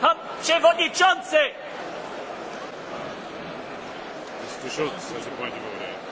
Pan przewodniczący! Słyszący, że pani mówi.